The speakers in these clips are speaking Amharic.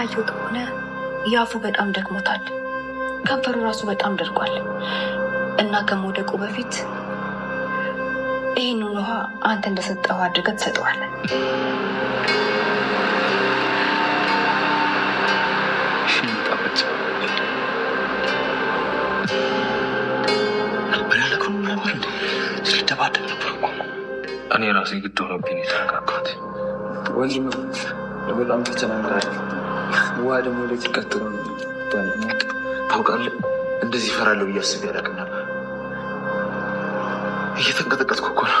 እንዳየው ከሆነ የአፉ በጣም ደክሞታል። ከንፈሩ ራሱ በጣም ደርቋል እና ከመውደቁ በፊት ይህንን ውሃ አንተ እንደሰጠው አድርገህ ትሰጠዋለህ። እኔ ራሴ ግድ ሆነብኝ የተረጋጋት ወንድም በጣም ተጨናንቃለሁ። ሙያ ደግሞ ላይ ሲቀጥሉ ታውቃለህ፣ እንደዚህ እፈራለሁ ብዬ አስቤ አላውቅም ነበር። እየተንቀጠቀጥኩ እኮ ነው።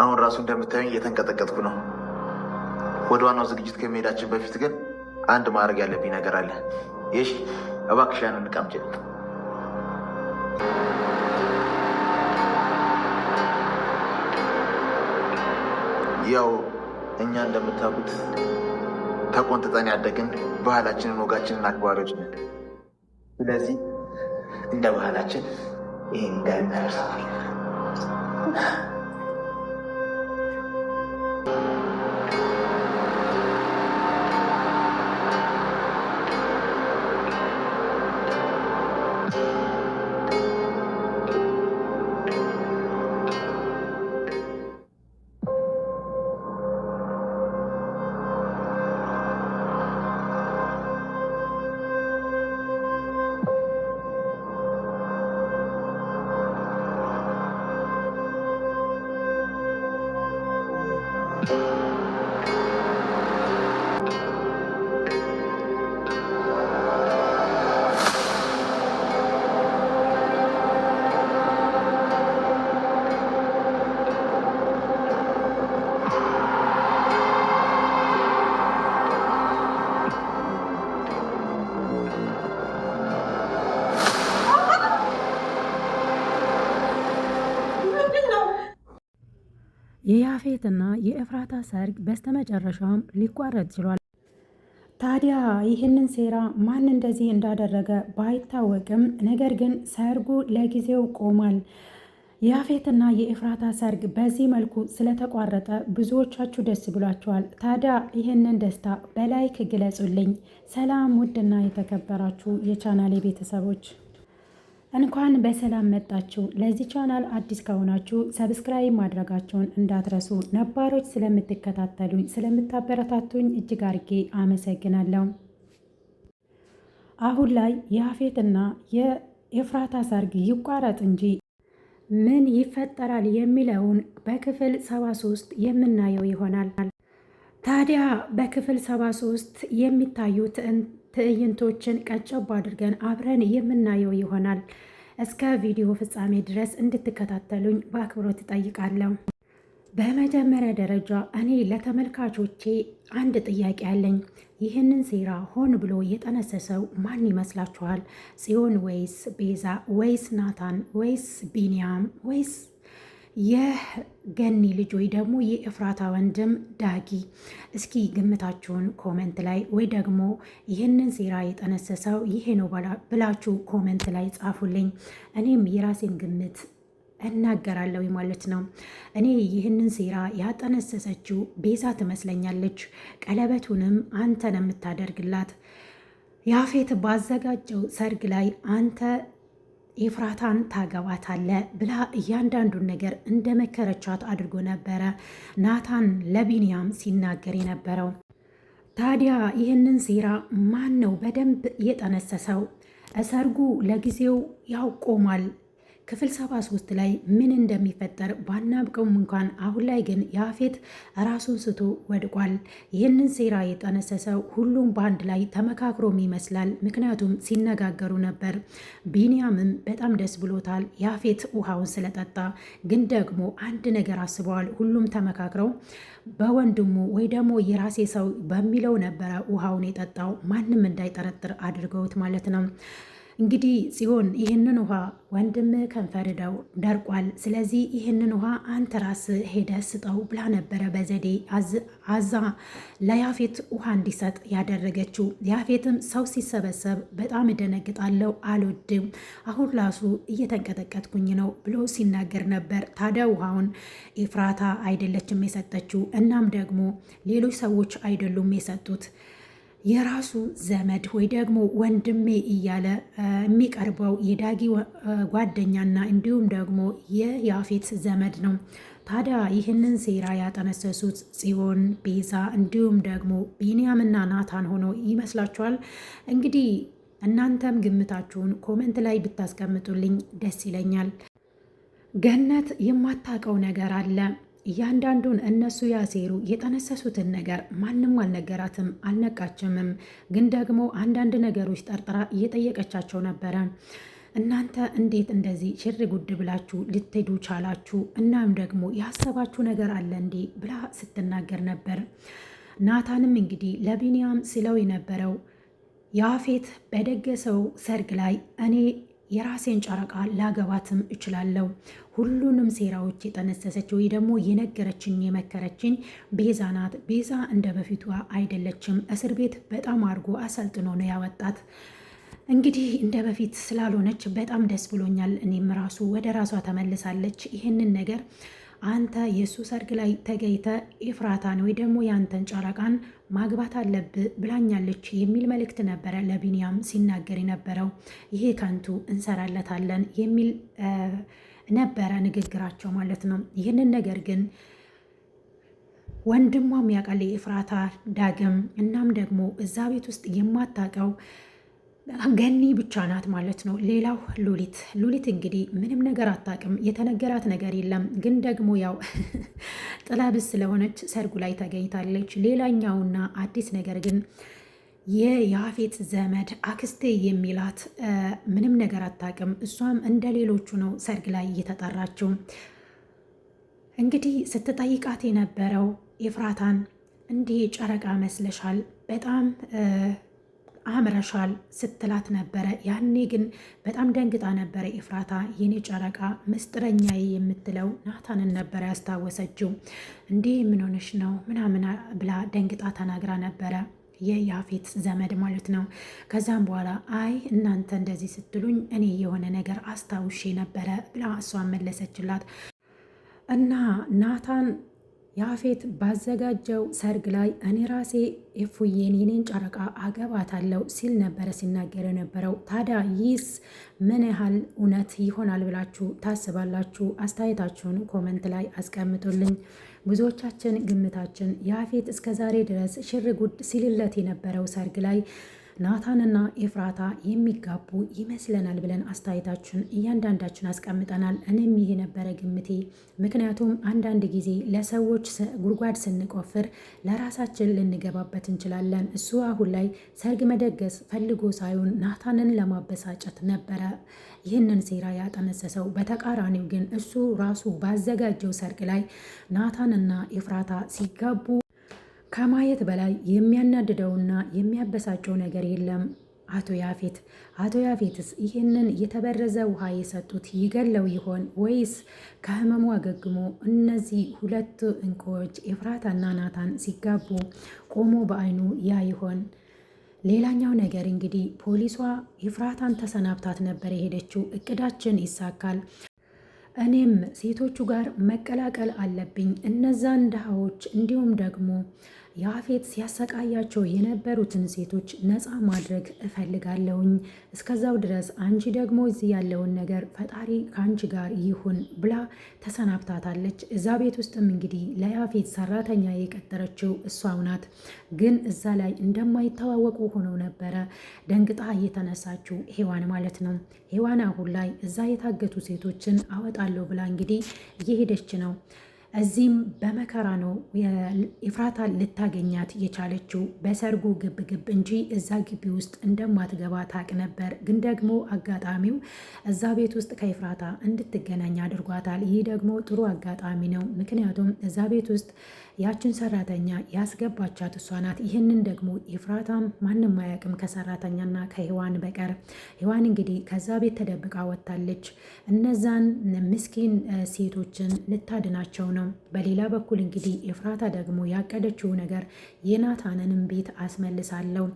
አሁን ራሱ እንደምታዩኝ እየተንቀጠቀጥኩ ነው። ወደ ዋናው ዝግጅት ከመሄዳችን በፊት ግን አንድ ማድረግ ያለብኝ ነገር አለ። ይሽ እባክሻን ያንን ዕቃ ያው እኛ እንደምታውቁት ተቆንጥጠን ያደግን ባህላችንን ወጋችንን አክባሪዎች ነን። ስለዚህ እንደ ባህላችን ይህን ይህ እንዳይመረሳል thank you ሰርግ በስተመጨረሻውም ሊቋረጥ ችሏል። ታዲያ ይህንን ሴራ ማን እንደዚህ እንዳደረገ ባይታወቅም፣ ነገር ግን ሰርጉ ለጊዜው ቆሟል። የአፌትና የኤፍራታ ሰርግ በዚህ መልኩ ስለተቋረጠ ብዙዎቻችሁ ደስ ብሏቸዋል። ታዲያ ይህንን ደስታ በላይክ ግለጹልኝ። ሰላም ውድና የተከበራችሁ የቻናሌ ቤተሰቦች እንኳን በሰላም መጣችሁ። ለዚህ ቻናል አዲስ ከሆናችሁ ሰብስክራይብ ማድረጋችሁን እንዳትረሱ። ነባሮች ስለምትከታተሉኝ፣ ስለምታበረታቱኝ እጅግ አርጌ አመሰግናለሁ። አሁን ላይ የአፌትና የኤፍራታ ሰርግ ይቋረጥ እንጂ ምን ይፈጠራል የሚለውን በክፍል 73 የምናየው ይሆናል። ታዲያ በክፍል 73 የሚታዩት ትዕይንቶችን ቀጨብ አድርገን አብረን የምናየው ይሆናል። እስከ ቪዲዮ ፍጻሜ ድረስ እንድትከታተሉኝ በአክብሮት እጠይቃለሁ። በመጀመሪያ ደረጃ እኔ ለተመልካቾቼ አንድ ጥያቄ አለኝ። ይህንን ሴራ ሆን ብሎ የጠነሰሰው ማን ይመስላችኋል? ጽዮን ወይስ ቤዛ ወይስ ናታን ወይስ ቢንያም ወይስ የገኒ ልጅ ወይ ደግሞ የእፍራታ ወንድም ዳጊ። እስኪ ግምታችሁን ኮመንት ላይ ወይ ደግሞ ይህንን ሴራ የጠነሰሰው ይሄ ነው ብላችሁ ኮመንት ላይ ጻፉልኝ። እኔም የራሴን ግምት እናገራለሁ ማለት ነው። እኔ ይህንን ሴራ ያጠነሰሰችው ቤዛ ትመስለኛለች። ቀለበቱንም አንተ ነው የምታደርግላት። ያፌት ባዘጋጀው ሰርግ ላይ አንተ ኤፍራታን ታገባታለ ብላ እያንዳንዱን ነገር እንደ መከረቻት አድርጎ ነበረ ናታን ለቢንያም ሲናገር የነበረው። ታዲያ ይህንን ሴራ ማን ነው በደንብ የጠነሰሰው? ሰርጉ ለጊዜው ያው ክፍል ሰባ ሶስት ላይ ምን እንደሚፈጠር ባናብቀውም እንኳን አሁን ላይ ግን ያፌት ራሱን ስቶ ወድቋል። ይህንን ሴራ የጠነሰሰው ሁሉም በአንድ ላይ ተመካክሮም ይመስላል። ምክንያቱም ሲነጋገሩ ነበር። ቢንያምም በጣም ደስ ብሎታል ያፌት ውሃውን ስለጠጣ። ግን ደግሞ አንድ ነገር አስበዋል። ሁሉም ተመካክረው በወንድሙ ወይ ደግሞ የራሴ ሰው በሚለው ነበረ ውሃውን የጠጣው ማንም እንዳይጠረጥር አድርገውት ማለት ነው። እንግዲህ ጽዮን ይህንን ውሃ ወንድም ከንፈርደው ደርቋል፣ ስለዚህ ይህንን ውሃ አንተ ራስ ሄደ ስጠው ብላ ነበረ በዘዴ አዛ ለያፌት ውሃ እንዲሰጥ ያደረገችው። ያፌትም ሰው ሲሰበሰብ በጣም እደነግጣለሁ፣ አልወድም፣ አሁን ራሱ እየተንቀጠቀጥኩኝ ነው ብሎ ሲናገር ነበር። ታዲያ ውሃውን ኤፍራታ አይደለችም የሰጠችው፣ እናም ደግሞ ሌሎች ሰዎች አይደሉም የሰጡት የራሱ ዘመድ ወይ ደግሞ ወንድሜ እያለ የሚቀርበው የዳጊ ጓደኛና እንዲሁም ደግሞ የያፌት ዘመድ ነው። ታዲያ ይህንን ሴራ ያጠነሰሱት ጽዮን፣ ቤዛ እንዲሁም ደግሞ ቢንያምና ናታን ሆኖ ይመስላችኋል? እንግዲህ እናንተም ግምታችሁን ኮመንት ላይ ብታስቀምጡልኝ ደስ ይለኛል። ገነት የማታውቀው ነገር አለ እያንዳንዱን እነሱ ያሴሩ የጠነሰሱትን ነገር ማንም አልነገራትም፣ አልነቃችምም። ግን ደግሞ አንዳንድ ነገሮች ጠርጥራ እየጠየቀቻቸው ነበረ። እናንተ እንዴት እንደዚህ ሽር ጉድ ብላችሁ ልትሄዱ ቻላችሁ? እናም ደግሞ ያሰባችሁ ነገር አለ እንዴ ብላ ስትናገር ነበር። ናታንም እንግዲህ ለቢንያም ስለው የነበረው ያፌት በደገሰው ሰርግ ላይ እኔ የራሴን ጨረቃ ላገባትም እችላለሁ። ሁሉንም ሴራዎች የጠነሰሰች ወይ ደግሞ የነገረችኝ የመከረችኝ ቤዛ ናት። ቤዛ እንደ በፊቷ አይደለችም። እስር ቤት በጣም አድርጎ አሰልጥኖ ነው ያወጣት። እንግዲህ እንደ በፊት ስላልሆነች በጣም ደስ ብሎኛል። እኔም ራሱ ወደ ራሷ ተመልሳለች። ይህንን ነገር አንተ የእሱ ሰርግ ላይ ተገይተ ኤፍራታን ወይ ደግሞ የአንተን ጨረቃን ማግባት አለብህ ብላኛለች የሚል መልእክት ነበረ ለቢንያም ሲናገር የነበረው። ይሄ ከንቱ እንሰራለታለን የሚል ነበረ ንግግራቸው ማለት ነው። ይህንን ነገር ግን ወንድሟም ያውቃል የኤፍራታ ዳግም። እናም ደግሞ እዛ ቤት ውስጥ የማታውቀው ገኒ ብቻ ናት ማለት ነው። ሌላው ሉሊት ሉሊት እንግዲህ ምንም ነገር አታውቅም፣ የተነገራት ነገር የለም። ግን ደግሞ ያው ጥላብስ ስለሆነች ሰርጉ ላይ ተገኝታለች። ሌላኛውና አዲስ ነገር ግን የያፌት ዘመድ አክስቴ የሚላት ምንም ነገር አታውቅም። እሷም እንደ ሌሎቹ ነው ሰርግ ላይ እየተጠራችው። እንግዲህ ስትጠይቃት የነበረው ኤፍራታን እንዲህ ጨረቃ መስለሻል በጣም አምረሻል ስትላት ነበረ። ያኔ ግን በጣም ደንግጣ ነበረ ኢፍራታ የኔ ጨረቃ ምስጢረኛዬ የምትለው ናታንን ነበረ ያስታወሰችው። እንዲህ የምንሆነች ነው ምናምን ብላ ደንግጣ ተናግራ ነበረ የያፌት ዘመድ ማለት ነው። ከዛም በኋላ አይ እናንተ እንደዚህ ስትሉኝ እኔ የሆነ ነገር አስታውሼ ነበረ ብላ እሷን መለሰችላት እና ናታን ያፌት ባዘጋጀው ሰርግ ላይ እኔ ራሴ የፉዬን የኔን ጨረቃ አገባታለው ሲል ነበረ ሲናገር የነበረው። ታዲያ ይህስ ምን ያህል እውነት ይሆናል ብላችሁ ታስባላችሁ? አስተያየታችሁን ኮመንት ላይ አስቀምጡልኝ። ብዙዎቻችን ግምታችን ያፌት እስከዛሬ ድረስ ሽር ጉድ ሲልለት የነበረው ሰርግ ላይ ናታንና ኤፍራታ የሚጋቡ ይመስለናል ብለን አስተያየታችን እያንዳንዳችን አስቀምጠናል። እኔም ይሄ ነበረ ግምቴ። ምክንያቱም አንዳንድ ጊዜ ለሰዎች ጉድጓድ ስንቆፍር ለራሳችን ልንገባበት እንችላለን። እሱ አሁን ላይ ሰርግ መደገስ ፈልጎ ሳይሆን ናታንን ለማበሳጨት ነበረ ይህንን ሴራ ያጠነሰሰው። በተቃራኒው ግን እሱ ራሱ ባዘጋጀው ሰርግ ላይ ናታንና ኤፍራታ ሲጋቡ ከማየት በላይ የሚያናድደውና የሚያበሳጨው ነገር የለም። አቶ ያፌት አቶ ያፌትስ ይህንን የተበረዘ ውሃ የሰጡት ይገለው ይሆን ወይስ ከህመሙ አገግሞ እነዚህ ሁለቱ እንቁዎች ኤፍራታና ናታን ሲጋቡ ቆሞ በአይኑ ያ ይሆን? ሌላኛው ነገር እንግዲህ ፖሊሷ ኤፍራታን ተሰናብታት ነበር የሄደችው። እቅዳችን ይሳካል፣ እኔም ሴቶቹ ጋር መቀላቀል አለብኝ እነዛን ድሃዎች እንዲሁም ደግሞ ያፌት ሲያሰቃያቸው የነበሩትን ሴቶች ነፃ ማድረግ እፈልጋለሁኝ። እስከዛው ድረስ አንቺ ደግሞ እዚህ ያለውን ነገር ፈጣሪ ከአንቺ ጋር ይሁን ብላ ተሰናብታታለች። እዛ ቤት ውስጥም እንግዲህ ለያፌት ሰራተኛ የቀጠረችው እሷው ናት። ግን እዛ ላይ እንደማይተዋወቁ ሆነው ነበረ ደንግጣ እየተነሳችው ሄዋን ማለት ነው። ሄዋን አሁን ላይ እዛ የታገቱ ሴቶችን አወጣለሁ ብላ እንግዲህ እየሄደች ነው። እዚህም በመከራ ነው ኤፍራታ ልታገኛት የቻለችው። በሰርጉ ግብ ግብ እንጂ እዛ ግቢ ውስጥ እንደማትገባ ታቅ ነበር። ግን ደግሞ አጋጣሚው እዛ ቤት ውስጥ ከኤፍራታ እንድትገናኝ አድርጓታል። ይህ ደግሞ ጥሩ አጋጣሚ ነው። ምክንያቱም እዛ ቤት ውስጥ ያችን ሰራተኛ ያስገባቻት እሷ ናት። ይህንን ደግሞ ይፍራታም ማንም አያውቅም ከሰራተኛና ከሔዋን በቀር። ሔዋን እንግዲህ ከዛ ቤት ተደብቃ ወጥታለች። እነዛን ምስኪን ሴቶችን ልታድናቸው ነው። በሌላ በኩል እንግዲህ ይፍራታ ደግሞ ያቀደችው ነገር የናታንንም ቤት አስመልሳለሁ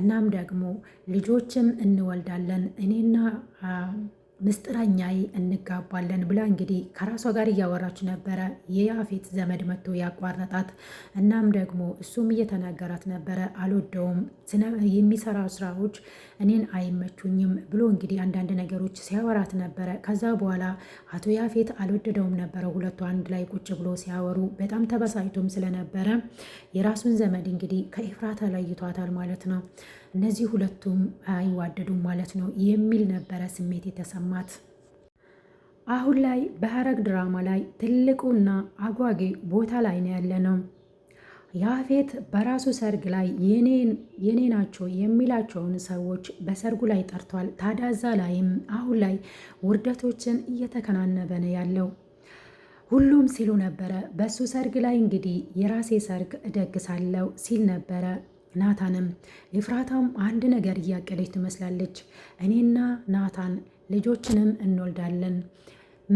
እናም ደግሞ ልጆችም እንወልዳለን እኔና ምስጢረኛዬ እንጋባለን ብላ እንግዲህ ከራሷ ጋር እያወራች ነበረ። የያፌት ዘመድ መጥቶ ያቋረጣት። እናም ደግሞ እሱም እየተናገራት ነበረ፣ አልወደውም፣ የሚሰራ ስራዎች እኔን አይመቹኝም ብሎ እንግዲህ አንዳንድ ነገሮች ሲያወራት ነበረ። ከዛ በኋላ አቶ ያፌት አልወደደውም ነበረ ሁለቱ አንድ ላይ ቁጭ ብሎ ሲያወሩ፣ በጣም ተበሳጭቶም ስለነበረ የራሱን ዘመድ እንግዲህ ከኤፍራታ ለይቷታል ማለት ነው። እነዚህ ሁለቱም አይዋደዱም ማለት ነው የሚል ነበረ ስሜት የተሰማት። አሁን ላይ በሐረግ ድራማ ላይ ትልቁና አጓጊ ቦታ ላይ ነው ያለ ነው። ያፌት በራሱ ሰርግ ላይ የኔ ናቸው የሚላቸውን ሰዎች በሰርጉ ላይ ጠርቷል። ታዳዛ ላይም አሁን ላይ ውርደቶችን እየተከናነበ ነው ያለው። ሁሉም ሲሉ ነበረ በሱ ሰርግ ላይ እንግዲህ የራሴ ሰርግ እደግሳለሁ ሲል ነበረ። ናታንም ኤፍራታም አንድ ነገር እያቀደች ትመስላለች። እኔና ናታን ልጆችንም እንወልዳለን፣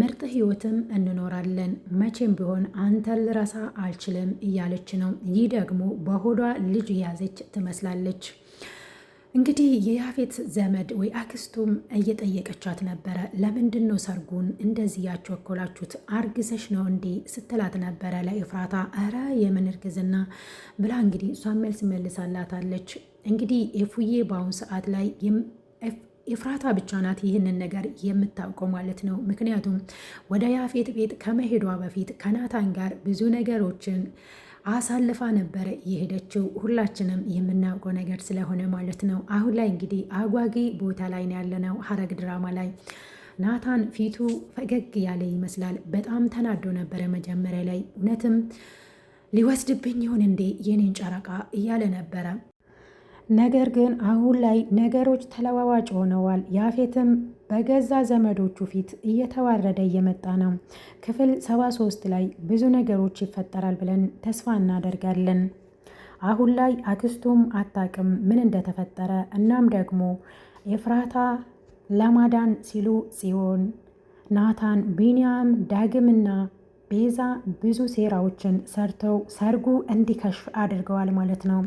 ምርጥ ህይወትም እንኖራለን፣ መቼም ቢሆን አንተ ልረሳ አልችልም እያለች ነው። ይህ ደግሞ በሆዷ ልጅ የያዘች ትመስላለች። እንግዲህ የያፌት ዘመድ ወይ አክስቱም እየጠየቀቻት ነበረ። ለምንድን ነው ሰርጉን እንደዚህ ያቸኮላችሁት? አርግዘሽ ነው እንዴ ስትላት ነበረ ለኤፍራታ። እረ የምን እርግዝና ብላ እንግዲህ እሷ መልስ መልሳላታለች። እንግዲህ ኤፉዬ በአሁኑ ሰዓት ላይ ኤፍራታ ብቻ ናት ይህንን ነገር የምታውቀው ማለት ነው። ምክንያቱም ወደ ያፌት ቤት ከመሄዷ በፊት ከናታን ጋር ብዙ ነገሮችን አሳልፋ ነበረ የሄደችው። ሁላችንም የምናውቀው ነገር ስለሆነ ማለት ነው። አሁን ላይ እንግዲህ አጓጊ ቦታ ላይ ነው ያለነው ሐረግ ድራማ ላይ ናታን ፊቱ ፈገግ ያለ ይመስላል። በጣም ተናዶ ነበረ መጀመሪያ ላይ እውነትም ሊወስድብኝ ይሆን እንዴ የኔን ጨረቃ እያለ ነበረ። ነገር ግን አሁን ላይ ነገሮች ተለዋዋጭ ሆነዋል። ያፌትም በገዛ ዘመዶቹ ፊት እየተዋረደ እየመጣ ነው። ክፍል 73 ላይ ብዙ ነገሮች ይፈጠራል ብለን ተስፋ እናደርጋለን። አሁን ላይ አክስቱም አታቅም ምን እንደተፈጠረ። እናም ደግሞ ኤፍራታ ለማዳን ሲሉ ጽዮን፣ ናታን፣ ቢንያም ዳግምና ቤዛ ብዙ ሴራዎችን ሰርተው ሰርጉ እንዲከሽፍ አድርገዋል ማለት ነው።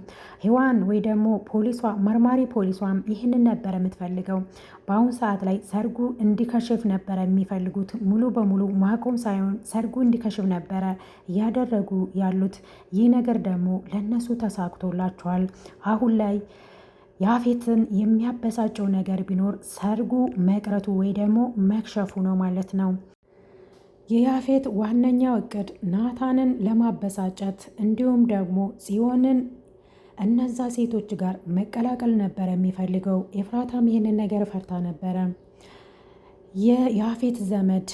ሔዋን ወይ ደግሞ ፖሊሷ መርማሪ ፖሊሷም ይህንን ነበር የምትፈልገው። በአሁን ሰዓት ላይ ሰርጉ እንዲከሽፍ ነበረ የሚፈልጉት ሙሉ በሙሉ ማቆም ሳይሆን ሰርጉ እንዲከሽፍ ነበረ እያደረጉ ያሉት። ይህ ነገር ደግሞ ለነሱ ተሳክቶላቸዋል። አሁን ላይ ያፌትን የሚያበሳጨው ነገር ቢኖር ሰርጉ መቅረቱ ወይ ደግሞ መክሸፉ ነው ማለት ነው። የያፌት ዋነኛ እቅድ ናታንን ለማበሳጨት እንዲሁም ደግሞ ጽዮንን እነዛ ሴቶች ጋር መቀላቀል ነበር የሚፈልገው። ኤፍራታም ይህንን ነገር ፈርታ ነበረ። የያፌት ዘመድ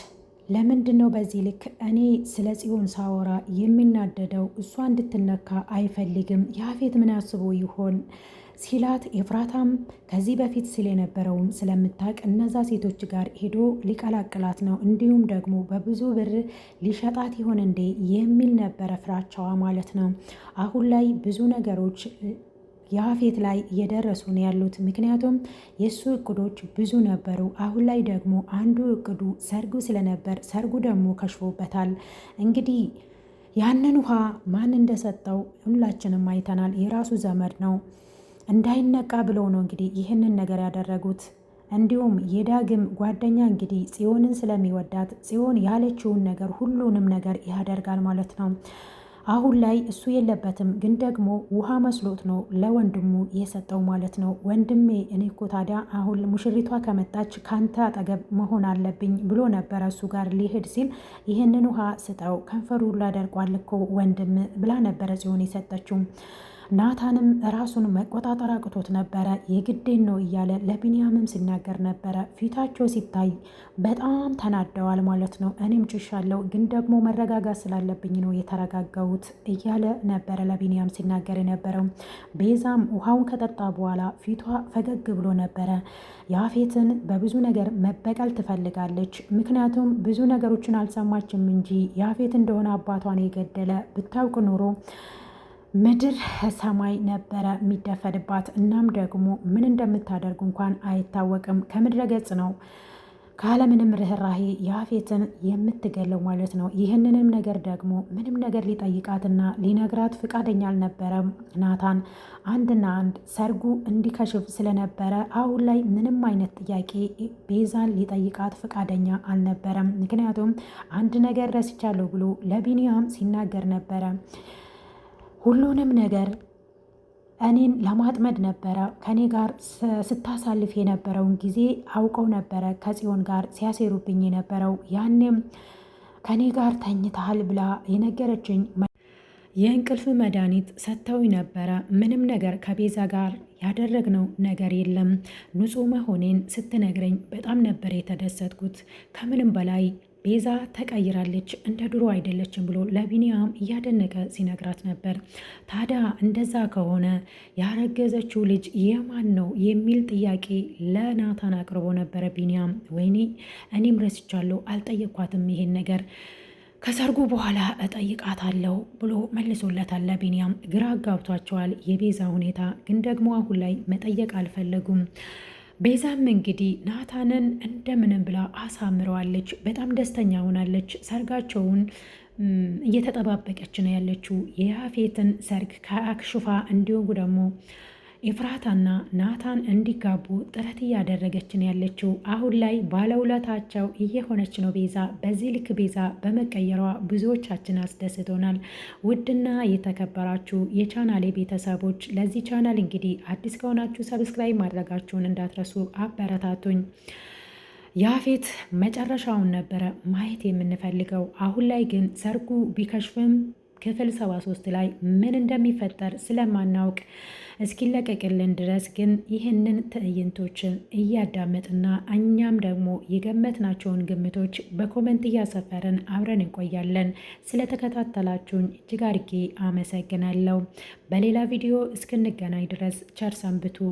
ለምንድን ነው በዚህ ልክ እኔ ስለ ጽዮን ሳወራ የሚናደደው? እሷ እንድትነካ አይፈልግም። ያፌት ምን አስቦ ይሆን ሲላት ኤፍራታም ከዚህ በፊት ሲል የነበረውን ስለምታውቅ እነዛ ሴቶች ጋር ሄዶ ሊቀላቅላት ነው፣ እንዲሁም ደግሞ በብዙ ብር ሊሸጣት ይሆን እንዴ የሚል ነበረ ፍራቻዋ ማለት ነው። አሁን ላይ ብዙ ነገሮች የአፌት ላይ እየደረሱ ነው ያሉት። ምክንያቱም የእሱ እቅዶች ብዙ ነበሩ። አሁን ላይ ደግሞ አንዱ እቅዱ ሰርጉ ስለነበር ሰርጉ ደግሞ ከሽፎበታል። እንግዲህ ያንን ውሃ ማን እንደሰጠው ሁላችንም አይተናል። የራሱ ዘመድ ነው። እንዳይነቃ ብለው ነው እንግዲህ ይህንን ነገር ያደረጉት። እንዲሁም የዳግም ጓደኛ እንግዲህ ጽዮንን ስለሚወዳት ጽዮን ያለችውን ነገር ሁሉንም ነገር ያደርጋል ማለት ነው። አሁን ላይ እሱ የለበትም፣ ግን ደግሞ ውሃ መስሎት ነው ለወንድሙ የሰጠው ማለት ነው። ወንድሜ እኔ እኮ ታዲያ አሁን ሙሽሪቷ ከመጣች ካንተ አጠገብ መሆን አለብኝ ብሎ ነበረ እሱ ጋር ሊሄድ ሲል ይህንን ውሃ ስጠው ከንፈሩ ላደርቋል እኮ ወንድም ብላ ነበረ ጽዮን የሰጠችው። ናታንም ራሱን መቆጣጠር አቅቶት ነበረ። የግዴን ነው እያለ ለቢንያምም ሲናገር ነበረ። ፊታቸው ሲታይ በጣም ተናደዋል ማለት ነው። እኔም ጭሻለሁ፣ ግን ደግሞ መረጋጋት ስላለብኝ ነው የተረጋጋሁት እያለ ነበረ ለቢንያም ሲናገር የነበረው። ቤዛም ውሃውን ከጠጣ በኋላ ፊቷ ፈገግ ብሎ ነበረ። ያፌትን በብዙ ነገር መበቀል ትፈልጋለች። ምክንያቱም ብዙ ነገሮችን አልሰማችም እንጂ ያፌት እንደሆነ አባቷን የገደለ ብታውቅ ኑሮ ምድር ሰማይ ነበረ የሚደፈንባት። እናም ደግሞ ምን እንደምታደርጉ እንኳን አይታወቅም። ከምድረ ገጽ ነው ካለምንም ርኅራሄ ያፌትን የምትገለው ማለት ነው። ይህንንም ነገር ደግሞ ምንም ነገር ሊጠይቃትና ሊነግራት ፍቃደኛ አልነበረም ናታን። አንድና አንድ ሰርጉ እንዲከሽፍ ስለነበረ አሁን ላይ ምንም አይነት ጥያቄ ቤዛን ሊጠይቃት ፍቃደኛ አልነበረም። ምክንያቱም አንድ ነገር ረስቻለሁ ብሎ ለቢኒያም ሲናገር ነበረ። ሁሉንም ነገር እኔን ለማጥመድ ነበረ ከኔ ጋር ስታሳልፍ የነበረውን ጊዜ አውቀው ነበረ ከጽዮን ጋር ሲያሴሩብኝ የነበረው ያኔም ከኔ ጋር ተኝተሃል ብላ የነገረችኝ የእንቅልፍ መድኃኒት ሰጥተው ነበረ። ምንም ነገር ከቤዛ ጋር ያደረግነው ነገር የለም። ንጹህ መሆኔን ስትነግረኝ በጣም ነበር የተደሰትኩት። ከምንም በላይ ቤዛ ተቀይራለች፣ እንደ ድሮ አይደለችም ብሎ ለቢኒያም እያደነቀ ሲነግራት ነበር። ታዲያ እንደዛ ከሆነ ያረገዘችው ልጅ የማን ነው የሚል ጥያቄ ለናታን አቅርቦ ነበረ ቢኒያም ወይኔ እኔም ረስቻለሁ፣ አልጠየኳትም ይሄን ነገር ከሰርጉ በኋላ እጠይቃታለሁ ብሎ መልሶለታል። ለቢንያም ግራ አጋብቷቸዋል የቤዛ ሁኔታ፣ ግን ደግሞ አሁን ላይ መጠየቅ አልፈለጉም። ቤዛም እንግዲህ ናታንን እንደምንም ብላ አሳምረዋለች። በጣም ደስተኛ ሆናለች። ሰርጋቸውን እየተጠባበቀች ነው ያለችው የያፌትን ሰርግ ከአክሹፋ እንዲሁም ደግሞ ኤፍራታና ናታን እንዲጋቡ ጥረት እያደረገችን ያለችው አሁን ላይ ባለውለታቸው እየሆነች ነው ቤዛ። በዚህ ልክ ቤዛ በመቀየሯ ብዙዎቻችን አስደስቶናል። ውድና የተከበራችሁ የቻናሌ ቤተሰቦች ለዚህ ቻናል እንግዲህ አዲስ ከሆናችሁ ሰብስክራይብ ማድረጋችሁን እንዳትረሱ አበረታቱኝ። ያፌት መጨረሻውን ነበረ ማየት የምንፈልገው። አሁን ላይ ግን ሰርጉ ቢከሽፍም ክፍል 73 ላይ ምን እንደሚፈጠር ስለማናውቅ እስኪለቀቅልን ድረስ ግን ይህንን ትዕይንቶችን እያዳመጥና እኛም ደግሞ የገመትናቸውን ግምቶች በኮመንት እያሰፈርን አብረን እንቆያለን። ስለተከታተላችሁን እጅግ አድርጌ አመሰግናለሁ። በሌላ ቪዲዮ እስክንገናኝ ድረስ ቸር ሰንብቱ።